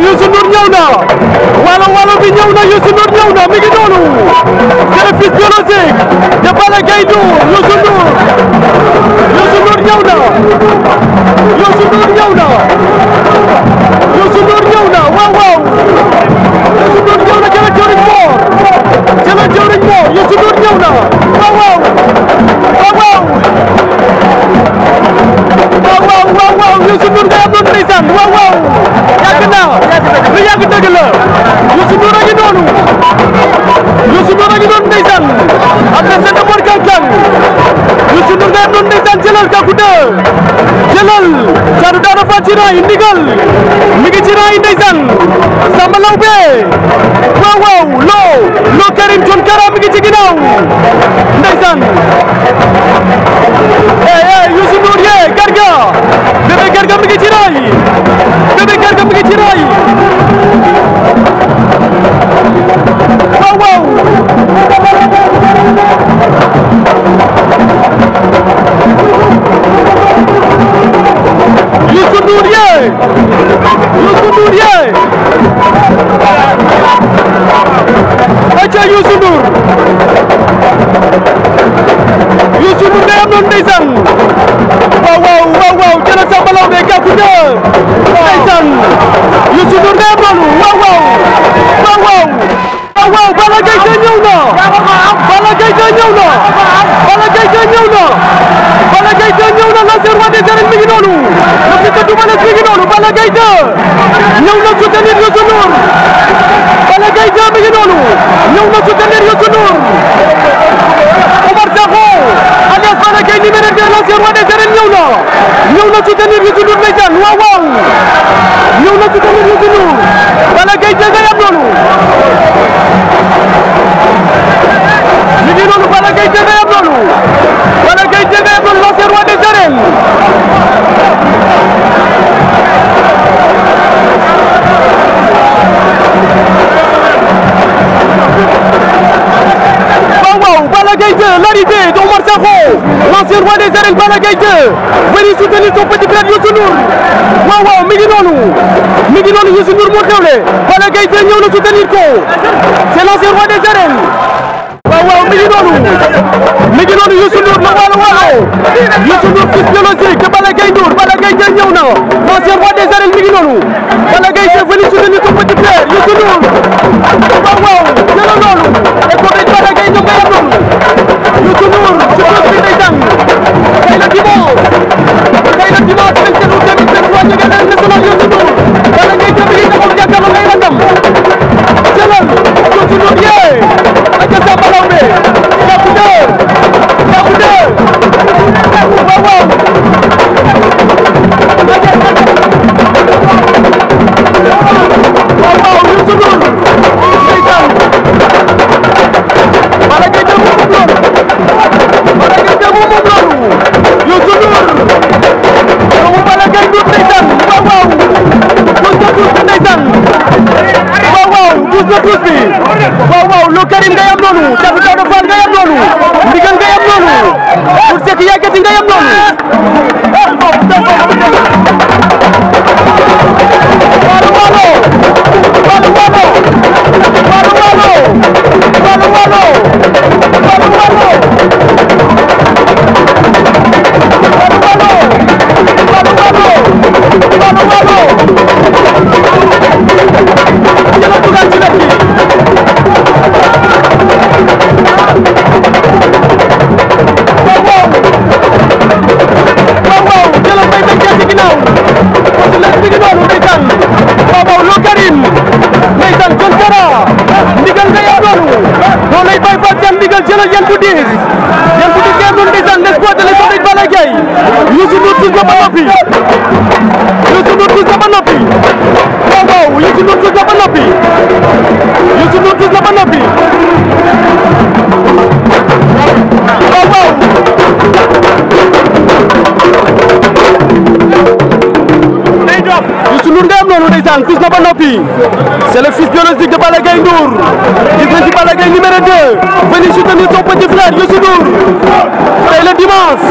Youssou Ndour ñëw na walo walo bi ñëw na Youssou Ndour ñëw na mi ngi noonu c'est le fils biologique de Balla Gaye 2 Youssou Ndour Youssou Ndour ñëw na Youssou Ndour ñëw na Youssou Ndour ñëw na waaw waaw Youssou Ndour ñëw na jëla jëriñ moor jëla jëriñ moor Youssou Ndour ñëw na waaw waaw waaw waaw waaw waaw waaw Youssou Ndour ngay am noonu ndeysaan waaw waaw yàgg naa lu yàgg dëgg la Youssou Ndour a ngi a ngi noonu ndeysaan am na seen amoon kankan Youssou Ndour ngay noonu ndeysaan jëlal kàkku de jëlal Thiatou Daouda Fall ci rang yi ndigal mi ngi ci rang yi ndeysaan Samba Lawbe waaw waaw loo loo Karim John Kara mi ngi ci ginnaaw ndeysaan eh eh Youssou Ndour yee Garga bébé Garga mi ngi ci Ndoundé ndeysaan Youssou Ndoundé Mbalou waaw waaw waaw waaw waaw waaw Balla Gaye 2 ñëw na Balla Gaye 2 ñëw na Balla Gaye 2 ñëw na Balla Gaye 2 ñëw na l'ancien roi des arènes mi ngi noonu le fils de Double Less mi ngi noonu Balla Gaye 2 ñëw na soutenir Youssou Ndour Balla Gaye 2 mi ngi noonu ñëw na soutenir Youssou Ndour Omar Sakho alias Balla Gaye numéro 2 l'ancien roi des arènes ñëw na ñëw na ci tenir Youssou Ndour ndeysaan waaw waaw ñëw na ci tenir Youssou Ndour Balla Gaye jël nga yam noonu ñu ngi noonu Balla Gaye jël nga le roi des arènes Balla Gaye 2 venir soutenir son petit frère Youssou Ndour waaw waaw mi ngi noonu mi ngi noonu Youssou Ndour moo xewle Balla Gaye 2 ñëw na soutenir ko c'est l'ancien roi des arènes waaw mi ngi noonu mi ngi noonu Youssou Ndour na waalo waalo Youssou Ndour fils biologique de Balla Gaye Ndour Balla Gaye 2 ñëw na l'ancien roi des arènes mi ngi noonu Balla Gaye 2 venir soutenir son petit frère Youssou la tuus bi waaw waaw lu Karim ngay am noonu Daouda Daouda Fall ngay am noonu Ndigal ngay am noonu Boursek Yagati ngay am noonu noonu lay Baye Fall Thiam Ndigal jëlal yan bu diis yan bu diis ngeen doon ndeysaan les poids de les Balla Gaye Youssou Ndour gis na ba noppi c'est le fils biologique de Bala Gaye Ndour gis nañ ci Gaye numéro 2 Venez soutenir son petit frère Youssou Ndour Et le dimanche